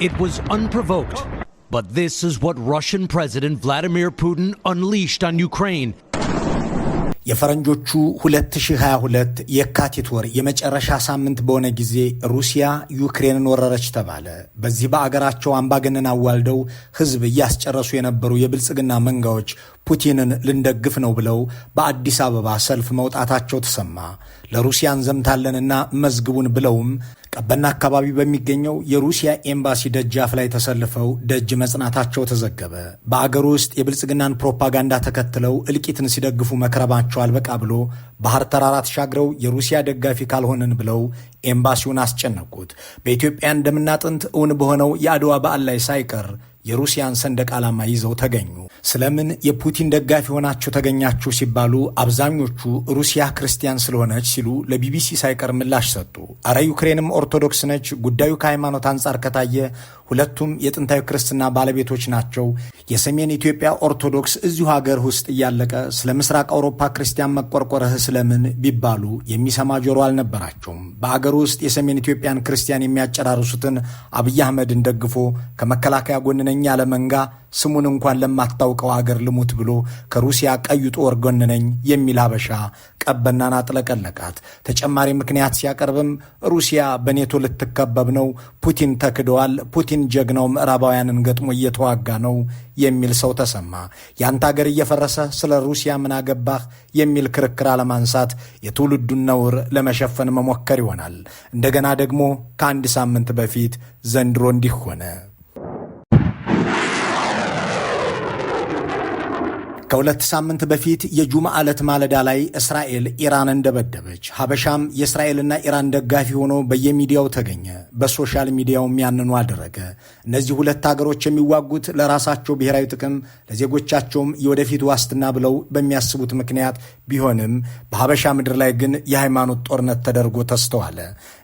It was unprovoked, but this is what Russian President Vladimir Putin unleashed on Ukraine. የፈረንጆቹ 2022 የካቲት ወር የመጨረሻ ሳምንት በሆነ ጊዜ ሩሲያ ዩክሬንን ወረረች ተባለ። በዚህ በአገራቸው አምባገነን አዋልደው ሕዝብ እያስጨረሱ የነበሩ የብልጽግና መንጋዎች ፑቲንን ልንደግፍ ነው ብለው በአዲስ አበባ ሰልፍ መውጣታቸው ተሰማ። ለሩሲያ እንዘምታለንና መዝግቡን ብለውም ቀበና አካባቢ በሚገኘው የሩሲያ ኤምባሲ ደጃፍ ላይ ተሰልፈው ደጅ መጽናታቸው ተዘገበ። በአገር ውስጥ የብልጽግናን ፕሮፓጋንዳ ተከትለው እልቂትን ሲደግፉ መክረባቸው አልበቃ ብሎ ባህር ተራራ ተሻግረው የሩሲያ ደጋፊ ካልሆንን ብለው ኤምባሲውን አስጨነቁት። በኢትዮጵያ እንደምናጥንት እውን በሆነው የአድዋ በዓል ላይ ሳይቀር የሩሲያን ሰንደቅ ዓላማ ይዘው ተገኙ። ስለምን የፑቲን ደጋፊ ሆናችሁ ተገኛችሁ ሲባሉ አብዛኞቹ ሩሲያ ክርስቲያን ስለሆነች ሲሉ ለቢቢሲ ሳይቀር ምላሽ ሰጡ። አረ ዩክሬንም ኦርቶዶክስ ነች፣ ጉዳዩ ከሃይማኖት አንጻር ከታየ ሁለቱም የጥንታዊ ክርስትና ባለቤቶች ናቸው። የሰሜን ኢትዮጵያ ኦርቶዶክስ እዚሁ ሀገር ውስጥ እያለቀ ስለ ምስራቅ አውሮፓ ክርስቲያን መቆርቆረህ ስለምን ቢባሉ የሚሰማ ጆሮ አልነበራቸውም። በአገር ውስጥ የሰሜን ኢትዮጵያን ክርስቲያን የሚያጨራርሱትን አብይ አህመድን ደግፎ ከመከላከያ ጎንነኛ ለመንጋ ያለ መንጋ ስሙን እንኳን ለማታውቀው አገር ልሙት ብሎ ከሩሲያ ቀዩ ጦር ጎንነኝ የሚል ሀበሻ ቀበናን አጥለቀለቃት። ተጨማሪ ምክንያት ሲያቀርብም ሩሲያ በኔቶ ልትከበብ ነው፣ ፑቲን ተክደዋል፣ ፑቲን ፑቲን ጀግናው ምዕራባውያንን ገጥሞ እየተዋጋ ነው የሚል ሰው ተሰማ። የአንተ አገር እየፈረሰ ስለ ሩሲያ ምን አገባህ የሚል ክርክር አለማንሳት የትውልዱን ነውር ለመሸፈን መሞከር ይሆናል። እንደገና ደግሞ ከአንድ ሳምንት በፊት ዘንድሮ እንዲህ ሆነ። ከሁለት ሳምንት በፊት የጁማ ዕለት ማለዳ ላይ እስራኤል ኢራንን ደበደበች። ሀበሻም የእስራኤልና ኢራን ደጋፊ ሆኖ በየሚዲያው ተገኘ፣ በሶሻል ሚዲያውም ያንኑ አደረገ። እነዚህ ሁለት ሀገሮች የሚዋጉት ለራሳቸው ብሔራዊ ጥቅም፣ ለዜጎቻቸውም የወደፊት ዋስትና ብለው በሚያስቡት ምክንያት ቢሆንም በሀበሻ ምድር ላይ ግን የሃይማኖት ጦርነት ተደርጎ ተስተዋለ።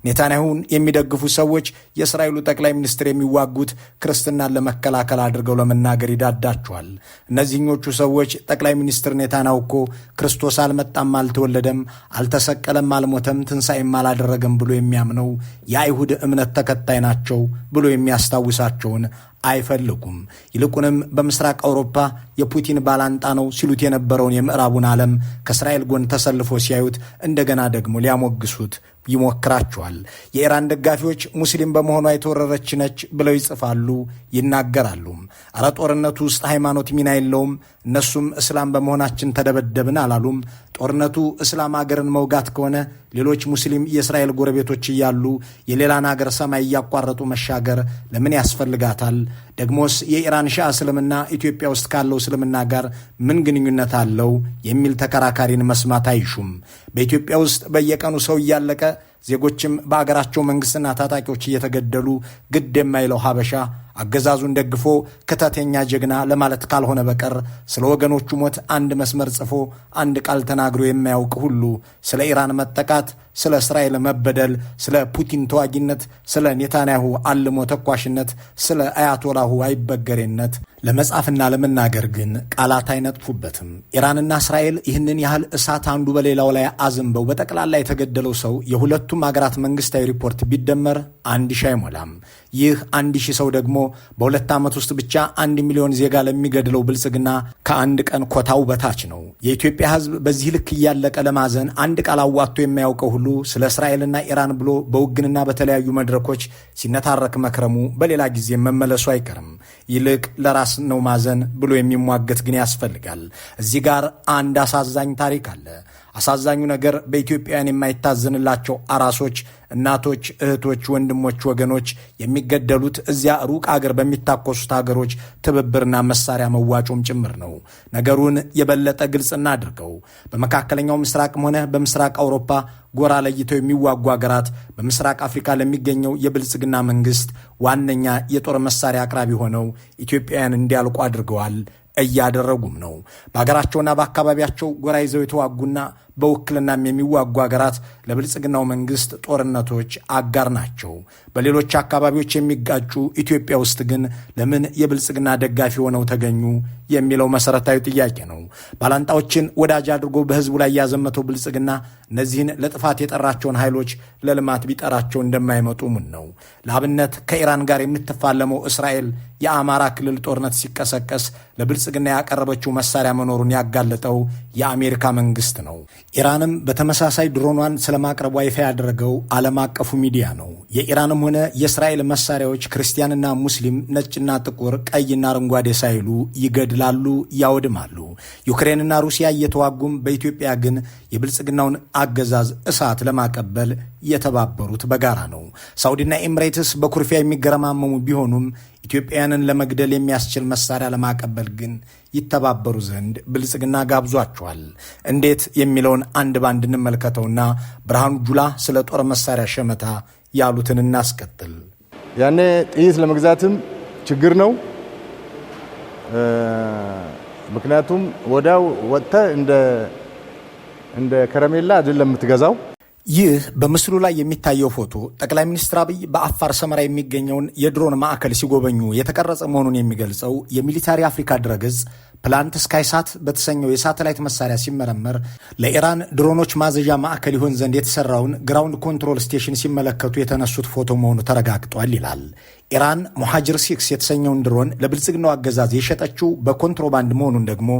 ኔታንያሁን የሚደግፉ ሰዎች የእስራኤሉ ጠቅላይ ሚኒስትር የሚዋጉት ክርስትናን ለመከላከል አድርገው ለመናገር ይዳዳቸዋል። እነዚህኞቹ ሰዎች ሰዎች ጠቅላይ ሚኒስትር ኔታንያሁ እኮ ክርስቶስ አልመጣም፣ አልተወለደም፣ አልተሰቀለም፣ አልሞተም፣ ትንሣኤም አላደረገም ብሎ የሚያምነው የአይሁድ እምነት ተከታይ ናቸው ብሎ የሚያስታውሳቸውን አይፈልጉም። ይልቁንም በምስራቅ አውሮፓ የፑቲን ባላንጣ ነው ሲሉት የነበረውን የምዕራቡን ዓለም ከእስራኤል ጎን ተሰልፎ ሲያዩት እንደገና ደግሞ ሊያሞግሱት ይሞክራቸዋል። የኢራን ደጋፊዎች ሙስሊም በመሆኗ የተወረረች ነች ብለው ይጽፋሉ፣ ይናገራሉ። አረ ጦርነቱ ውስጥ ሃይማኖት ሚና የለውም፣ እነሱም እስላም በመሆናችን ተደበደብን አላሉም፣ ጦርነቱ እስላም ሀገርን መውጋት ከሆነ ሌሎች ሙስሊም የእስራኤል ጎረቤቶች እያሉ የሌላን ሀገር ሰማይ እያቋረጡ መሻገር ለምን ያስፈልጋታል? ደግሞስ የኢራን ሻ እስልምና ኢትዮጵያ ውስጥ ካለው እስልምና ጋር ምን ግንኙነት አለው? የሚል ተከራካሪን መስማት አይሹም። በኢትዮጵያ ውስጥ በየቀኑ ሰው እያለቀ ዜጎችም በአገራቸው መንግስትና ታጣቂዎች እየተገደሉ ግድ የማይለው ሀበሻ አገዛዙን ደግፎ ክተተኛ ጀግና ለማለት ካልሆነ በቀር ስለ ወገኖቹ ሞት አንድ መስመር ጽፎ አንድ ቃል ተናግሮ የማያውቅ ሁሉ ስለ ኢራን መጠቃት ስለ እስራኤል መበደል፣ ስለ ፑቲን ተዋጊነት፣ ስለ ኔታንያሁ አልሞ ተኳሽነት፣ ስለ አያቶላሁ አይበገሬነት ለመጻፍና ለመናገር ግን ቃላት አይነጥፉበትም። ኢራንና እስራኤል ይህንን ያህል እሳት አንዱ በሌላው ላይ አዝንበው በጠቅላላ የተገደለው ሰው የሁለቱም አገራት መንግስታዊ ሪፖርት ቢደመር አንድ ሺ አይሞላም። ይህ አንድ ሺህ ሰው ደግሞ በሁለት ዓመት ውስጥ ብቻ አንድ ሚሊዮን ዜጋ ለሚገድለው ብልጽግና ከአንድ ቀን ኮታው በታች ነው። የኢትዮጵያ ሕዝብ በዚህ ልክ እያለቀ ለማዘን አንድ ቃል አዋጥቶ የማያውቀው ሁሉ ስለ እስራኤልና ኢራን ብሎ በውግንና በተለያዩ መድረኮች ሲነታረክ መክረሙ በሌላ ጊዜ መመለሱ አይቀርም። ይልቅ ለራስ ነው ማዘን ብሎ የሚሟገት ግን ያስፈልጋል። እዚህ ጋር አንድ አሳዛኝ ታሪክ አለ። አሳዛኙ ነገር በኢትዮጵያውያን የማይታዘንላቸው አራሶች፣ እናቶች፣ እህቶች፣ ወንድሞች፣ ወገኖች የሚገደሉት እዚያ ሩቅ አገር በሚታኮሱት ሀገሮች ትብብርና መሳሪያ መዋጮም ጭምር ነው። ነገሩን የበለጠ ግልጽ እናድርገው በመካከለኛው ምስራቅም ሆነ በምስራቅ አውሮፓ ጎራ ለይተው የሚዋጉ ሀገራት በምስራቅ አፍሪካ ለሚገኘው የብልጽግና መንግስት ዋነኛ የጦር መሳሪያ አቅራቢ ሆነው ኢትዮጵያውያን እንዲያልቁ አድርገዋል። እያደረጉም ነው። በሀገራቸውና በአካባቢያቸው ጎራ ይዘው የተዋጉና በውክልናም የሚዋጉ ሀገራት ለብልጽግናው መንግስት ጦርነቶች አጋር ናቸው። በሌሎች አካባቢዎች የሚጋጩ ኢትዮጵያ ውስጥ ግን ለምን የብልጽግና ደጋፊ ሆነው ተገኙ የሚለው መሰረታዊ ጥያቄ ነው። ባላንጣዎችን ወዳጅ አድርጎ በህዝቡ ላይ ያዘመተው ብልጽግና እነዚህን ለጥፋት የጠራቸውን ኃይሎች ለልማት ቢጠራቸው እንደማይመጡ ምን ነው። ለአብነት ከኢራን ጋር የምትፋለመው እስራኤል የአማራ ክልል ጦርነት ሲቀሰቀስ ለብልጽግና ያቀረበችው መሳሪያ መኖሩን ያጋለጠው የአሜሪካ መንግስት ነው። ኢራንም በተመሳሳይ ድሮኗን ስለማቅረቧ ይፋ ያደረገው ዓለም አቀፉ ሚዲያ ነው። የኢራንም ሆነ የእስራኤል መሳሪያዎች ክርስቲያንና ሙስሊም፣ ነጭና ጥቁር፣ ቀይና አረንጓዴ ሳይሉ ይገድላሉ፣ ያወድማሉ። ዩክሬንና ሩሲያ እየተዋጉም በኢትዮጵያ ግን የብልጽግናውን አገዛዝ እሳት ለማቀበል የተባበሩት በጋራ ነው። ሳውዲና ኤምሬትስ በኩርፊያ የሚገረማመሙ ቢሆኑም ኢትዮጵያውያንን ለመግደል የሚያስችል መሳሪያ ለማቀበል ግን ይተባበሩ ዘንድ ብልጽግና ጋብዟቸዋል። እንዴት የሚለውን አንድ ባንድ እንመልከተውና ብርሃኑ ጁላ ስለ ጦር መሳሪያ ሸመታ ያሉትን እናስቀጥል። ያኔ ጥይት ለመግዛትም ችግር ነው። ምክንያቱም ወዲያው ወጥተ እንደ ከረሜላ አይደለም የምትገዛው። ይህ በምስሉ ላይ የሚታየው ፎቶ ጠቅላይ ሚኒስትር አብይ በአፋር ሰመራ የሚገኘውን የድሮን ማዕከል ሲጎበኙ የተቀረጸ መሆኑን የሚገልጸው የሚሊታሪ አፍሪካ ድረገጽ ፕላንት ስካይሳት በተሰኘው የሳተላይት መሳሪያ ሲመረመር ለኢራን ድሮኖች ማዘዣ ማዕከል ይሆን ዘንድ የተሰራውን ግራውንድ ኮንትሮል ስቴሽን ሲመለከቱ የተነሱት ፎቶ መሆኑ ተረጋግጧል ይላል። ኢራን ሙሐጅር ሲክስ የተሰኘውን ድሮን ለብልጽግናው አገዛዝ የሸጠችው በኮንትሮባንድ መሆኑን ደግሞ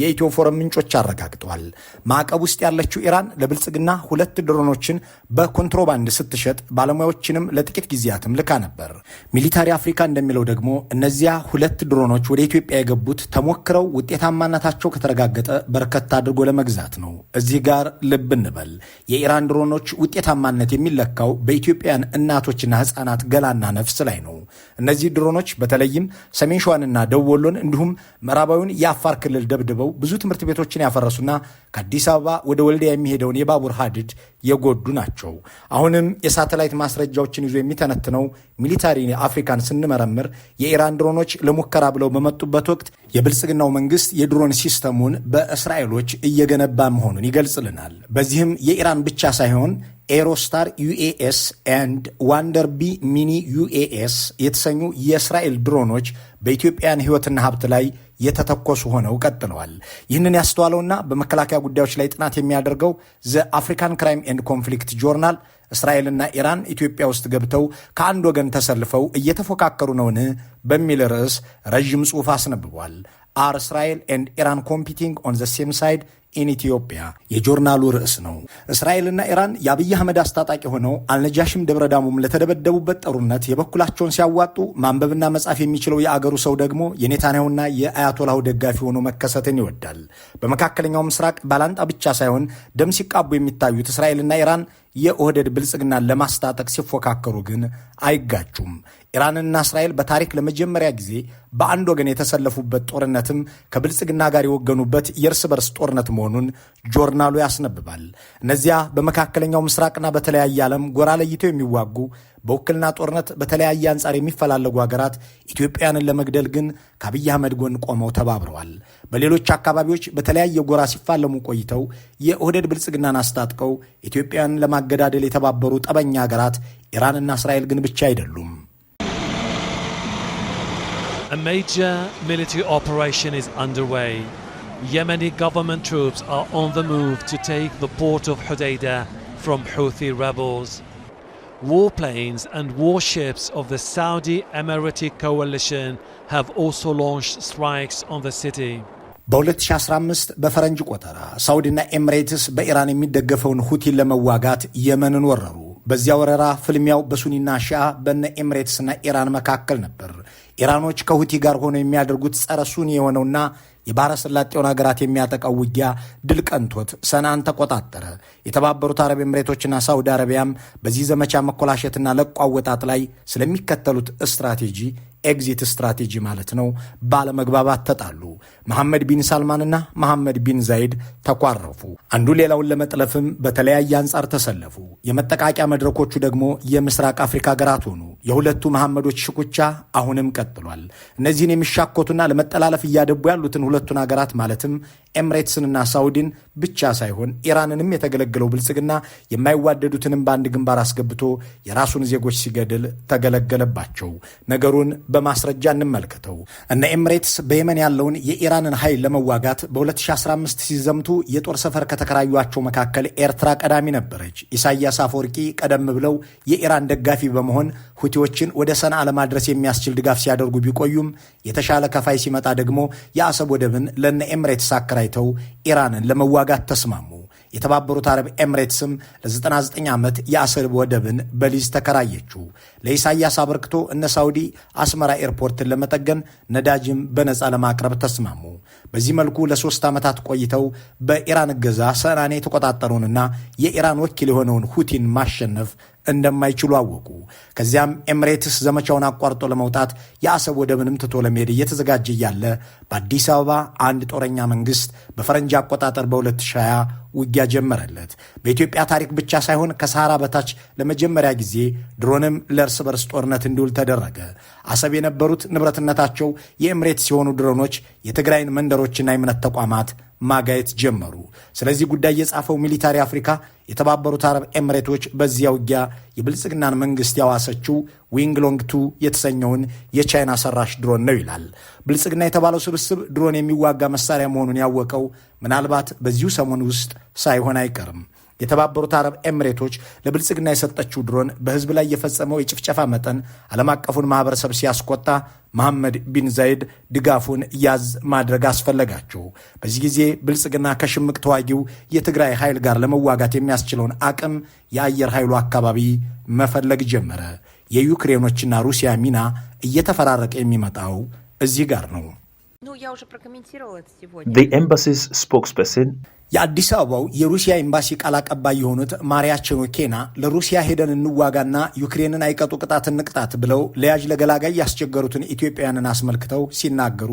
የኢትዮ ፎረም ምንጮች አረጋግጠዋል። ማዕቀብ ውስጥ ያለችው ኢራን ለብልጽግና ሁለት ድሮኖችን በኮንትሮባንድ ስትሸጥ ባለሙያዎችንም ለጥቂት ጊዜያትም ልካ ነበር። ሚሊታሪ አፍሪካ እንደሚለው ደግሞ እነዚያ ሁለት ድሮኖች ወደ ኢትዮጵያ የገቡት ተሞክረው ውጤታማነታቸው ከተረጋገጠ በርከት አድርጎ ለመግዛት ነው። እዚህ ጋር ልብ እንበል። የኢራን ድሮኖች ውጤታማነት የሚለካው በኢትዮጵያን እናቶችና ሕፃናት ገላና ነፍስ ላይ ነው። እነዚህ ድሮኖች በተለይም ሰሜን ሸዋንና ደቡብ ወሎን እንዲሁም ምዕራባዊውን የአፋር ክልል ደብድበው ብዙ ትምህርት ቤቶችን ያፈረሱና ከአዲስ አበባ ወደ ወልዲያ የሚሄደውን የባቡር ሀዲድ የጎዱ ናቸው። አሁንም የሳተላይት ማስረጃዎችን ይዞ የሚተነትነው ሚሊታሪ አፍሪካን ስንመረምር የኢራን ድሮኖች ለሙከራ ብለው በመጡበት ወቅት የብልጽግናው መንግስት የድሮን ሲስተሙን በእስራኤሎች እየገነባ መሆኑን ይገልጽልናል። በዚህም የኢራን ብቻ ሳይሆን ኤሮስታር ዩኤኤስ ኤንድ ዋንደርቢ ሚኒ ዩኤኤስ የተሰኙ የእስራኤል ድሮኖች በኢትዮጵያን ሕይወትና ሀብት ላይ የተተኮሱ ሆነው ቀጥለዋል። ይህንን ያስተዋለውና በመከላከያ ጉዳዮች ላይ ጥናት የሚያደርገው ዘ አፍሪካን ክራይም ኤንድ ኮንፍሊክት ጆርናል እስራኤልና ኢራን ኢትዮጵያ ውስጥ ገብተው ከአንድ ወገን ተሰልፈው እየተፎካከሩ ነውን በሚል ርዕስ ረዥም ጽሑፍ አስነብቧል። አር እስራኤል ኤንድ ኢራን ኮምፒቲንግ ኦን ዘ ሴም ሳይድ ኢን ኢትዮጵያ የጆርናሉ ርዕስ ነው። እስራኤልና ኢራን የአብይ አህመድ አስታጣቂ ሆነው አልነጃሽም ደብረዳሙም ዳሙም ለተደበደቡበት ጦርነት የበኩላቸውን ሲያዋጡ ማንበብና መጻፍ የሚችለው የአገሩ ሰው ደግሞ የኔታንያሁና የአያቶላሁ ደጋፊ ሆኖ መከሰትን ይወዳል። በመካከለኛው ምስራቅ ባላንጣ ብቻ ሳይሆን ደም ሲቃቡ የሚታዩት እስራኤልና ኢራን የኦህደድ ብልጽግናን ለማስታጠቅ ሲፎካከሩ ግን አይጋጩም። ኢራንና እስራኤል በታሪክ ለመጀመሪያ ጊዜ በአንድ ወገን የተሰለፉበት ጦርነትም ከብልጽግና ጋር የወገኑበት የእርስ በርስ ጦርነት መሆኑን ጆርናሉ ያስነብባል። እነዚያ በመካከለኛው ምስራቅና በተለያየ ዓለም ጎራ ለይተው የሚዋጉ በውክልና ጦርነት በተለያየ አንጻር የሚፈላለጉ ሀገራት ኢትዮጵያንን ለመግደል ግን ከአብይ አህመድ ጎን ቆመው ተባብረዋል። በሌሎች አካባቢዎች በተለያየ ጎራ ሲፋለሙ ቆይተው የኦህዴድ ብልጽግናን አስታጥቀው ኢትዮጵያንን ለማገዳደል የተባበሩ ጠበኛ ሀገራት ኢራንና እስራኤል ግን ብቻ አይደሉም። A major military operation is underway. Yemeni government troops are on the move to take the port of Hodeidah from Houthi rebels. warplanes and warships of the Saudi Emirati coalition have also launched strikes on the city. በ2015 በፈረንጅ ቆጠራ ሳውዲና ኤምሬትስ በኢራን የሚደገፈውን ሁቲን ለመዋጋት የመንን ወረሩ። በዚያ ወረራ ፍልሚያው በሱኒና ሺአ በነ ኤምሬትስና ኢራን መካከል ነበር። ኢራኖች ከሁቲ ጋር ሆነው የሚያደርጉት ጸረ ሱኒ የሆነውና የባረስላጤውን ሀገራት የሚያጠቃው ውጊያ ድል ቀንቶት ሰናን ተቆጣጠረ። የተባበሩት አረብ ኤምሬቶችና ሳውዲ አረቢያም በዚህ ዘመቻ መኮላሸትና ለቋወጣት ላይ ስለሚከተሉት ስትራቴጂ ኤግዚት ስትራቴጂ ማለት ነው፣ ባለመግባባት ተጣሉ። መሐመድ ቢን ሳልማንና መሐመድ ቢን ዛይድ ተኳረፉ። አንዱ ሌላውን ለመጥለፍም በተለያየ አንጻር ተሰለፉ። የመጠቃቂያ መድረኮቹ ደግሞ የምስራቅ አፍሪካ ሀገራት ሆኑ። የሁለቱ መሐመዶች ሽኩቻ አሁንም ቀጥሏል። እነዚህን የሚሻኮቱና ለመጠላለፍ እያደቡ ያሉትን ሁለቱን ሀገራት ማለትም ኤምሬትስንና ሳውዲን ብቻ ሳይሆን ኢራንንም የተገለገለው ብልጽግና የማይዋደዱትንም በአንድ ግንባር አስገብቶ የራሱን ዜጎች ሲገድል ተገለገለባቸው። ነገሩን በማስረጃ እንመልከተው። እነ ኤምሬትስ በየመን ያለውን የኢራንን ኃይል ለመዋጋት በ2015 ሲዘምቱ የጦር ሰፈር ከተከራዩቸው መካከል ኤርትራ ቀዳሚ ነበረች። ኢሳያስ አፈወርቂ ቀደም ብለው የኢራን ደጋፊ በመሆን ሁቲዎችን ወደ ሰንዓ ለማድረስ የሚያስችል ድጋፍ ሲያደርጉ ቢቆዩም የተሻለ ከፋይ ሲመጣ ደግሞ የአሰብ ወደብን ለነ ኤምሬትስ አከራይተው ኢራንን ለመዋጋት ተስማሙ። የተባበሩት አረብ ኤምሬትስም ለ99 ዓመት የአሰብ ወደብን በሊዝ ተከራየችው። ለኢሳያስ አበርክቶ እነ ሳውዲ አስመራ ኤርፖርትን ለመጠገን ነዳጅም በነፃ ለማቅረብ ተስማሙ። በዚህ መልኩ ለሶስት ዓመታት ቆይተው በኢራን እገዛ ሰናኔ የተቆጣጠረውንና የኢራን ወኪል የሆነውን ሁቲን ማሸነፍ እንደማይችሉ አወቁ። ከዚያም ኤምሬትስ ዘመቻውን አቋርጦ ለመውጣት የአሰብ ወደብንም ትቶ ለመሄድ እየተዘጋጀ እያለ በአዲስ አበባ አንድ ጦረኛ መንግስት በፈረንጅ አቆጣጠር በ2020 ውጊያ ጀመረለት። በኢትዮጵያ ታሪክ ብቻ ሳይሆን ከሰሃራ በታች ለመጀመሪያ ጊዜ ድሮንም ለእርስ በርስ ጦርነት እንዲውል ተደረገ። አሰብ የነበሩት ንብረትነታቸው የኤምሬትስ ሲሆኑ ድሮኖች የትግራይን መንደሮችና የእምነት ተቋማት ማጋየት ጀመሩ። ስለዚህ ጉዳይ የጻፈው ሚሊታሪ አፍሪካ የተባበሩት አረብ ኤምሬቶች በዚያ ውጊያ የብልጽግናን መንግስት ያዋሰችው ዊንግሎንግ ቱ የተሰኘውን የቻይና ሰራሽ ድሮን ነው ይላል። ብልጽግና የተባለው ስብስብ ድሮን የሚዋጋ መሳሪያ መሆኑን ያወቀው ምናልባት በዚሁ ሰሞን ውስጥ ሳይሆን አይቀርም። የተባበሩት አረብ ኤምሬቶች ለብልጽግና የሰጠችው ድሮን በህዝብ ላይ የፈጸመው የጭፍጨፋ መጠን ዓለም አቀፉን ማህበረሰብ ሲያስቆጣ መሐመድ ቢን ዛይድ ድጋፉን ያዝ ማድረግ አስፈለጋቸው። በዚህ ጊዜ ብልጽግና ከሽምቅ ተዋጊው የትግራይ ኃይል ጋር ለመዋጋት የሚያስችለውን አቅም የአየር ኃይሉ አካባቢ መፈለግ ጀመረ። የዩክሬኖችና ሩሲያ ሚና እየተፈራረቀ የሚመጣው እዚህ ጋር ነው። я уже прокомментировала это сегодня. The embassy's spokesperson የአዲስ አበባው የሩሲያ ኤምባሲ ቃል አቀባይ የሆኑት ማሪያችን ኬና ለሩሲያ ሄደን እንዋጋና ዩክሬንን አይቀጡ ቅጣት እንቅጣት ብለው ለያዥ ለገላጋይ ያስቸገሩትን ኢትዮጵያውያንን አስመልክተው ሲናገሩ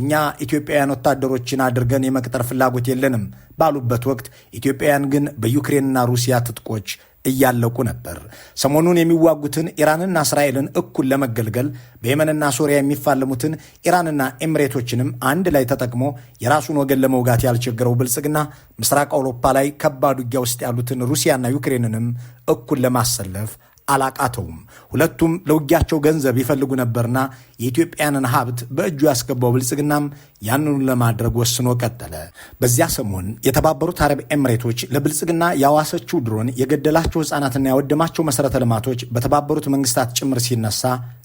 እኛ ኢትዮጵያውያን ወታደሮችን አድርገን የመቅጠር ፍላጎት የለንም ባሉበት ወቅት ኢትዮጵያውያን ግን በዩክሬንና ሩሲያ ትጥቆች እያለቁ ነበር። ሰሞኑን የሚዋጉትን ኢራንና እስራኤልን እኩል ለመገልገል በየመንና ሶሪያ የሚፋለሙትን ኢራንና ኤምሬቶችንም አንድ ላይ ተጠቅሞ የራሱን ወገን ለመውጋት ያልቸገረው ብልጽግና ምስራቅ አውሮፓ ላይ ከባድ ውጊያ ውስጥ ያሉትን ሩሲያና ዩክሬንንም እኩል ለማሰለፍ አላቃተውም። ሁለቱም ለውጊያቸው ገንዘብ ይፈልጉ ነበርና የኢትዮጵያንን ሀብት በእጁ ያስገባው ብልጽግናም ያንኑ ለማድረግ ወስኖ ቀጠለ። በዚያ ሰሞን የተባበሩት አረብ ኤምሬቶች ለብልጽግና ያዋሰችው ድሮን የገደላቸው ሕፃናትና ያወደማቸው መሠረተ ልማቶች በተባበሩት መንግስታት ጭምር ሲነሳ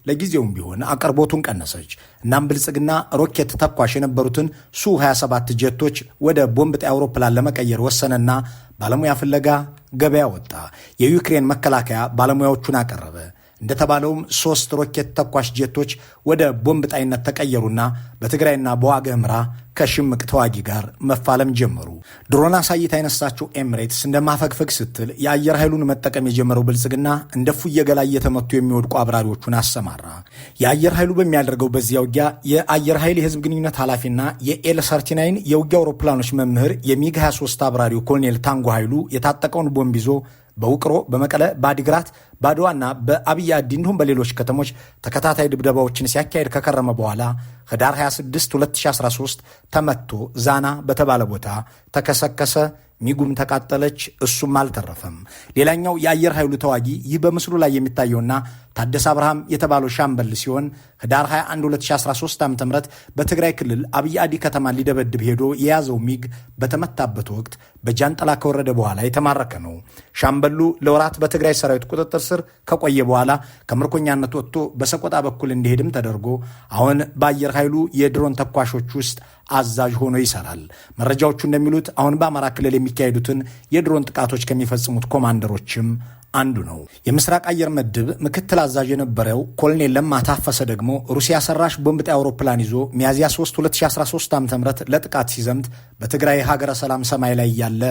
ለጊዜውም ቢሆን አቅርቦቱን ቀነሰች። እናም ብልጽግና ሮኬት ተኳሽ የነበሩትን ሱ 27 ጀቶች ወደ ቦምብ ጣይ አውሮፕላን ለመቀየር ወሰነና ባለሙያ ፍለጋ ገበያ ወጣ። የዩክሬን መከላከያ ባለሙያዎቹን አቀረበ። እንደተባለውም ሶስት ሮኬት ተኳሽ ጀቶች ወደ ቦምብ ጣይነት ተቀየሩና በትግራይና በዋግኽምራ ከሽምቅ ተዋጊ ጋር መፋለም ጀመሩ። ድሮን አሳይታ አይነሳቸው ኤምሬትስ እንደ ማፈግፈግ ስትል የአየር ኃይሉን መጠቀም የጀመረው ብልጽግና እንደ ፉየገላ እየተመቱ የሚወድቁ አብራሪዎቹን አሰማራ። የአየር ኃይሉ በሚያደርገው በዚያ ውጊያ የአየር ኃይል የህዝብ ግንኙነት ኃላፊና የኤል ሰርቲናይን የውጊያ አውሮፕላኖች መምህር የሚግ 23 አብራሪው ኮሎኔል ታንጎ ኃይሉ የታጠቀውን ቦምብ ይዞ በውቅሮ፣ በመቀለ፣ በአዲግራት፣ በአድዋና በአብይ አዲ እንዲሁም በሌሎች ከተሞች ተከታታይ ድብደባዎችን ሲያካሄድ ከከረመ በኋላ ህዳር 26 2013 ተመቶ ዛና በተባለ ቦታ ተከሰከሰ፣ ሚጉም ተቃጠለች፣ እሱም አልተረፈም። ሌላኛው የአየር ኃይሉ ተዋጊ ይህ በምስሉ ላይ የሚታየውና ታደሰ አብርሃም የተባለው ሻምበል ሲሆን ህዳር 21 2013 ዓ ም በትግራይ ክልል አብይ አዲ ከተማ ሊደበድብ ሄዶ የያዘው ሚግ በተመታበት ወቅት በጃንጥላ ከወረደ በኋላ የተማረከ ነው። ሻምበሉ ለወራት በትግራይ ሰራዊት ቁጥጥር ስር ከቆየ በኋላ ከምርኮኛነት ወጥቶ በሰቆጣ በኩል እንዲሄድም ተደርጎ አሁን በአየር ኃይሉ የድሮን ተኳሾች ውስጥ አዛዥ ሆኖ ይሰራል። መረጃዎቹ እንደሚሉት አሁን በአማራ ክልል የሚካሄዱትን የድሮን ጥቃቶች ከሚፈጽሙት ኮማንደሮችም አንዱ ነው። የምስራቅ አየር ምድብ ምክትል አዛዥ የነበረው ኮሎኔል ለማ ታፈሰ ደግሞ ሩሲያ ሰራሽ ቦምብ ጣይ አውሮፕላን ይዞ ሚያዝያ 3 2013 ዓ ም ለጥቃት ሲዘምት በትግራይ ሀገረ ሰላም ሰማይ ላይ ያለ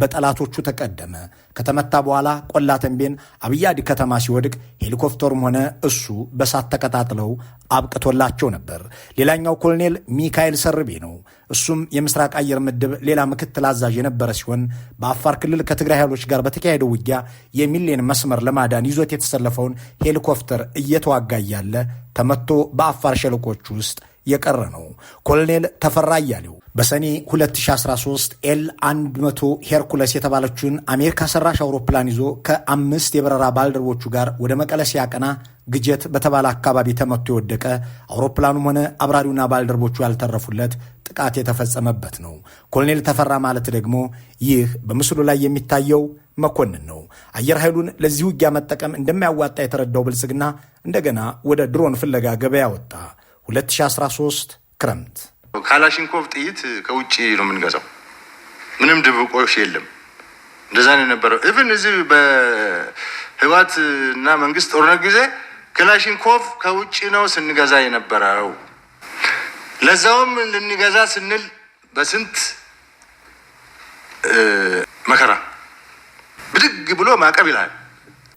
በጠላቶቹ ተቀደመ። ከተመታ በኋላ ቆላ ተንቤን አብያዲ ከተማ ሲወድቅ ሄሊኮፕተሩም ሆነ እሱ በሳት ተቀጣጥለው አብቅቶላቸው ነበር። ሌላኛው ኮሎኔል ሚካኤል ሰርቤ ነው። እሱም የምስራቅ አየር ምድብ ሌላ ምክትል አዛዥ የነበረ ሲሆን በአፋር ክልል ከትግራይ ኃይሎች ጋር በተካሄደው ውጊያ የሚሌን መስመር ለማዳን ይዞት የተሰለፈውን ሄሊኮፕተር እየተዋጋ እያለ ተመቶ በአፋር ሸለቆች ውስጥ የቀረ ነው። ኮሎኔል ተፈራ እያሌው በሰኔ 2013 ኤል 100 ሄርኩለስ የተባለችውን አሜሪካ ሰራሽ አውሮፕላን ይዞ ከአምስት የበረራ ባልደረቦቹ ጋር ወደ መቀለ ሲያቀና ግጀት በተባለ አካባቢ ተመቶ የወደቀ አውሮፕላኑም ሆነ አብራሪውና ባልደረቦቹ ያልተረፉለት ጥቃት የተፈጸመበት ነው። ኮሎኔል ተፈራ ማለት ደግሞ ይህ በምስሉ ላይ የሚታየው መኮንን ነው። አየር ኃይሉን ለዚህ ውጊያ መጠቀም እንደማያዋጣ የተረዳው ብልጽግና እንደገና ወደ ድሮን ፍለጋ ገበያ ወጣ። 2013 ክረምት ካላሽንኮቭ ጥይት ከውጭ ነው የምንገዛው። ምንም ድብቆሽ የለም። እንደዛ ነው የነበረው። ኢቭን እዚህ በህዋት እና መንግስት ጦርነት ጊዜ ክላሽንኮቭ ከውጭ ነው ስንገዛ የነበረው። ለዛውም ልንገዛ ስንል በስንት መከራ ብድግ ብሎ ማዕቀብ ይላል።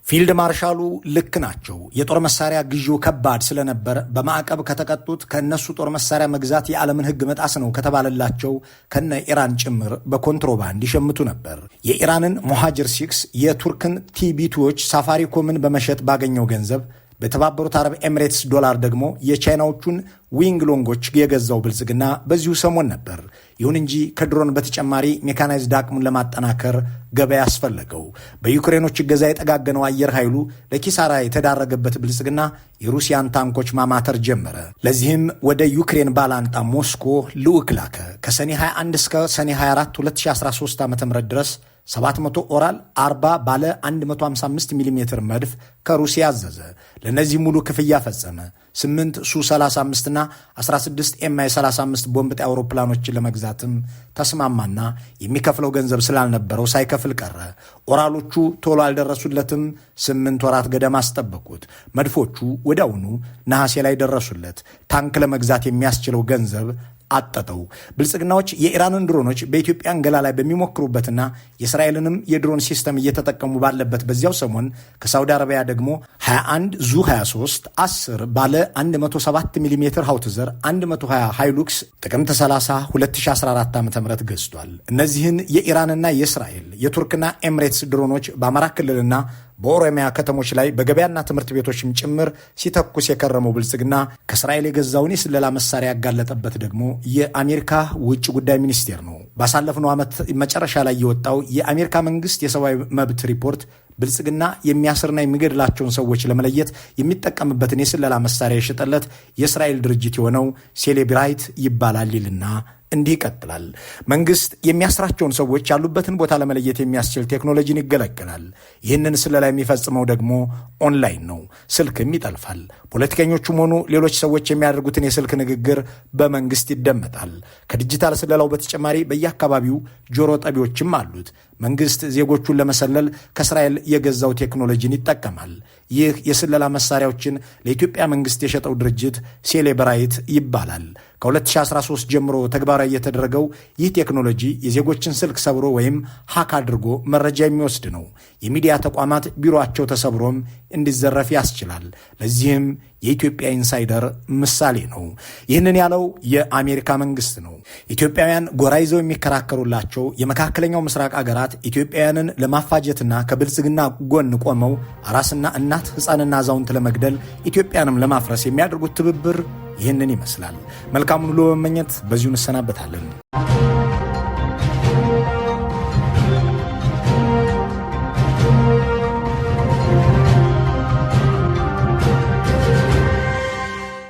ፊልድ ማርሻሉ ልክ ናቸው። የጦር መሳሪያ ግዢው ከባድ ስለነበር በማዕቀብ ከተቀጡት ከእነሱ ጦር መሳሪያ መግዛት የዓለምን ሕግ መጣስ ነው ከተባለላቸው ከነ ኢራን ጭምር በኮንትሮባንድ ይሸምቱ ነበር። የኢራንን ሞሃጅር ሲክስ፣ የቱርክን ቲቢቱዎች ሳፋሪኮምን በመሸጥ ባገኘው ገንዘብ በተባበሩት አረብ ኤምሬትስ ዶላር ደግሞ የቻይናዎቹን ዊንግ ሎንጎች የገዛው ብልጽግና በዚሁ ሰሞን ነበር። ይሁን እንጂ ከድሮን በተጨማሪ ሜካናይዝድ አቅሙን ለማጠናከር ገበያ ያስፈለገው። በዩክሬኖች እገዛ የጠጋገነው አየር ኃይሉ ለኪሳራ የተዳረገበት ብልጽግና የሩሲያን ታንኮች ማማተር ጀመረ። ለዚህም ወደ ዩክሬን ባላንጣ ሞስኮ ልዑክ ላከ። ከሰኔ 21 እስከ ሰኔ 24 2013 ዓ ም ድረስ 700 ኦራል 40 ባለ 155 ሚሊ ሜትር መድፍ ከሩሲያ አዘዘ። ለእነዚህ ሙሉ ክፍያ ፈጸመ። 8 ሱ35 እና 16 ኤምአይ 35 ቦምብ ጣይ አውሮፕላኖችን ለመግዛትም ተስማማና የሚከፍለው ገንዘብ ስላልነበረው ሳይከፍል ቀረ። ኦራሎቹ ቶሎ አልደረሱለትም። 8 ወራት ገደማ አስጠበቁት። መድፎቹ ወዲያውኑ ነሐሴ ላይ ደረሱለት። ታንክ ለመግዛት የሚያስችለው ገንዘብ አጠጠው። ብልጽግናዎች የኢራንን ድሮኖች በኢትዮጵያ እንገላ ላይ በሚሞክሩበትና የእስራኤልንም የድሮን ሲስተም እየተጠቀሙ ባለበት በዚያው ሰሞን ከሳውዲ አረቢያ ደግሞ 21 ዙ 23 10 ባለ 107 ሚሜ ሀውትዘር 120 ሃይሉክስ ጥቅምት 30 2014 ዓ ም ገዝቷል። እነዚህን የኢራንና የእስራኤል የቱርክና ኤምሬትስ ድሮኖች በአማራ ክልልና በኦሮሚያ ከተሞች ላይ በገበያና ትምህርት ቤቶችም ጭምር ሲተኩስ የከረመው ብልጽግና ከእስራኤል የገዛውን የስለላ መሳሪያ ያጋለጠበት ደግሞ የአሜሪካ ውጭ ጉዳይ ሚኒስቴር ነው። ባሳለፍነው ዓመት መጨረሻ ላይ የወጣው የአሜሪካ መንግስት የሰብአዊ መብት ሪፖርት ብልጽግና የሚያስርና የሚገድላቸውን ሰዎች ለመለየት የሚጠቀምበትን የስለላ መሳሪያ የሸጠለት የእስራኤል ድርጅት የሆነው ሴሌብራይት ይባላል ይልና እንዲህ ይቀጥላል፣ መንግስት የሚያስራቸውን ሰዎች ያሉበትን ቦታ ለመለየት የሚያስችል ቴክኖሎጂን ይገለገላል። ይህንን ስለላ የሚፈጽመው ደግሞ ኦንላይን ነው፣ ስልክም ይጠልፋል። ፖለቲከኞቹም ሆኑ ሌሎች ሰዎች የሚያደርጉትን የስልክ ንግግር በመንግስት ይደመጣል። ከዲጂታል ስለላው በተጨማሪ በየአካባቢው ጆሮ ጠቢዎችም አሉት። መንግስት ዜጎቹን ለመሰለል ከእስራኤል የገዛው ቴክኖሎጂን ይጠቀማል። ይህ የስለላ መሳሪያዎችን ለኢትዮጵያ መንግስት የሸጠው ድርጅት ሴሌብራይት ይባላል። ከ2013 ጀምሮ ተግባራዊ የተደረገው ይህ ቴክኖሎጂ የዜጎችን ስልክ ሰብሮ ወይም ሀክ አድርጎ መረጃ የሚወስድ ነው። የሚዲያ ተቋማት ቢሮቸው ተሰብሮም እንዲዘረፍ ያስችላል። ለዚህም የኢትዮጵያ ኢንሳይደር ምሳሌ ነው። ይህንን ያለው የአሜሪካ መንግስት ነው። ኢትዮጵያውያን ጎራ ይዘው የሚከራከሩላቸው የመካከለኛው ምስራቅ አገራት ኢትዮጵያውያንን ለማፋጀትና ከብልጽግና ጎን ቆመው አራስና እናት ሕፃንና አዛውንት ለመግደል ኢትዮጵያንም ለማፍረስ የሚያደርጉት ትብብር ይህንን ይመስላል። መልካሙን ሁሉ በመመኘት በዚሁ እንሰናበታለን።